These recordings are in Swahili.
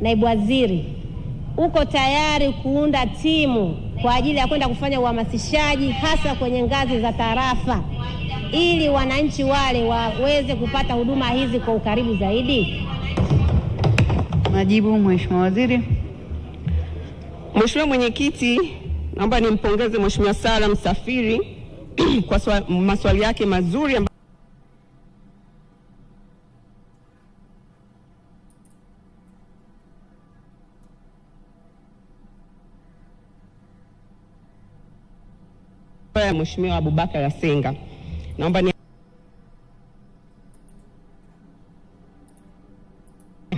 naibu waziri, uko tayari kuunda timu kwa ajili ya kwenda kufanya uhamasishaji hasa kwenye ngazi za tarafa ili wananchi wale waweze kupata huduma hizi kwa ukaribu zaidi? Majibu, Mheshimiwa Waziri. Mheshimiwa Mwenyekiti, naomba nimpongeze Mheshimiwa sala Msafiri kwa maswali yake mazuri. ya Mheshimiwa Abubakar Asenga. Naomba ni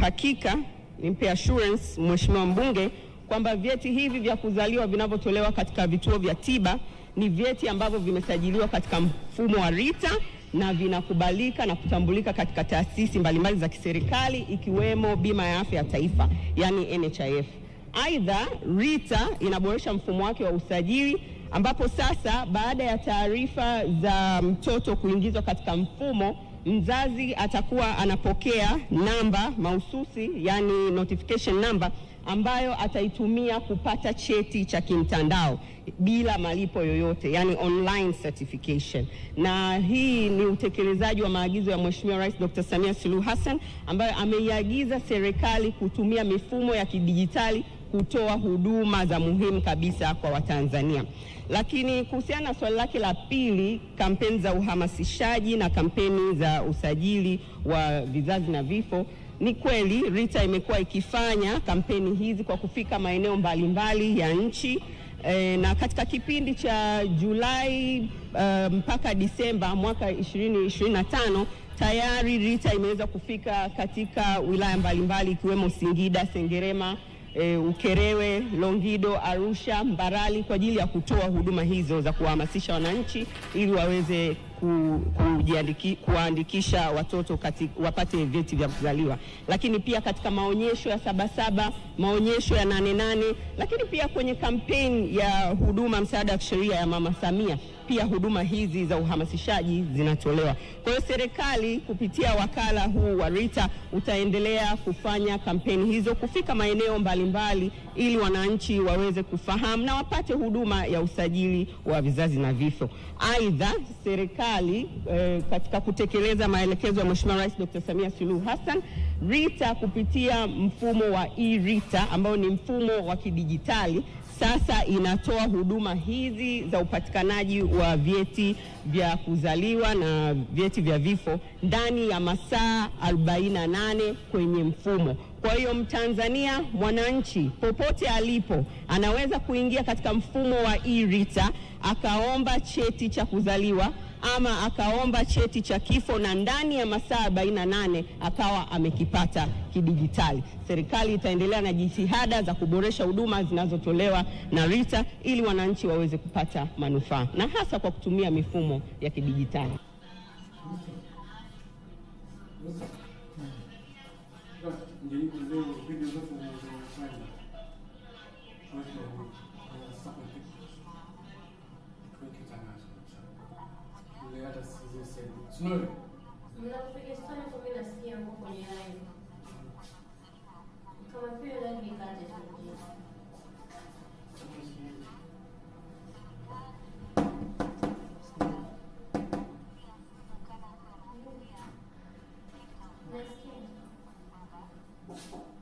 hakika nimpe assurance Mheshimiwa mbunge kwamba vyeti hivi vya kuzaliwa vinavyotolewa katika vituo vya tiba ni vyeti ambavyo vimesajiliwa katika mfumo wa RITA na vinakubalika na kutambulika katika taasisi mbalimbali za kiserikali ikiwemo Bima ya Afya ya Taifa, yani NHIF. Aidha, RITA inaboresha mfumo wake wa usajili ambapo sasa baada ya taarifa za mtoto kuingizwa katika mfumo mzazi atakuwa anapokea namba mahususi yani notification number ambayo ataitumia kupata cheti cha kimtandao bila malipo yoyote, yani online certification. Na hii ni utekelezaji wa maagizo ya Mheshimiwa Rais Dr. Samia Suluhu Hassan ambayo ameiagiza serikali kutumia mifumo ya kidijitali kutoa huduma za muhimu kabisa kwa Watanzania. Lakini kuhusiana na swali lake la pili, kampeni za uhamasishaji na kampeni za usajili wa vizazi na vifo, ni kweli RITA imekuwa ikifanya kampeni hizi kwa kufika maeneo mbalimbali ya nchi e, na katika kipindi cha Julai eh, mpaka um, Disemba mwaka 2025 tayari RITA imeweza kufika katika wilaya mbalimbali ikiwemo Singida, Sengerema e, Ukerewe, Longido, Arusha, Mbarali kwa ajili ya kutoa huduma hizo za kuwahamasisha wananchi ili waweze kuwaandikisha watoto kati, wapate vyeti vya kuzaliwa, lakini pia katika maonyesho ya Sabasaba, maonyesho ya Nane Nane, lakini pia kwenye kampeni ya huduma msaada wa kisheria ya Mama Samia pia huduma hizi za uhamasishaji zinatolewa. Kwa hiyo serikali kupitia wakala huu wa RITA utaendelea kufanya kampeni hizo kufika maeneo mbalimbali, ili wananchi waweze kufahamu na wapate huduma ya usajili wa vizazi na vifo. Aidha, serikali eh, katika kutekeleza maelekezo ya Mheshimiwa Rais Dr. Samia Suluhu Hassan RITA kupitia mfumo wa eRITA ambao ni mfumo wa kidijitali sasa inatoa huduma hizi za upatikanaji wa vyeti vya kuzaliwa na vyeti vya vifo ndani ya masaa 48 kwenye mfumo. Kwa hiyo Mtanzania mwananchi popote alipo anaweza kuingia katika mfumo wa eRITA akaomba cheti cha kuzaliwa ama akaomba cheti cha kifo na ndani ya masaa 48 akawa amekipata kidijitali. Serikali itaendelea na jitihada za kuboresha huduma zinazotolewa na RITA ili wananchi waweze kupata manufaa na hasa kwa kutumia mifumo ya kidijitali. 스물. 문학 필기스턴의 소비나 스키의 공부이라이 그만 표현하기까지 전지. Let's get it.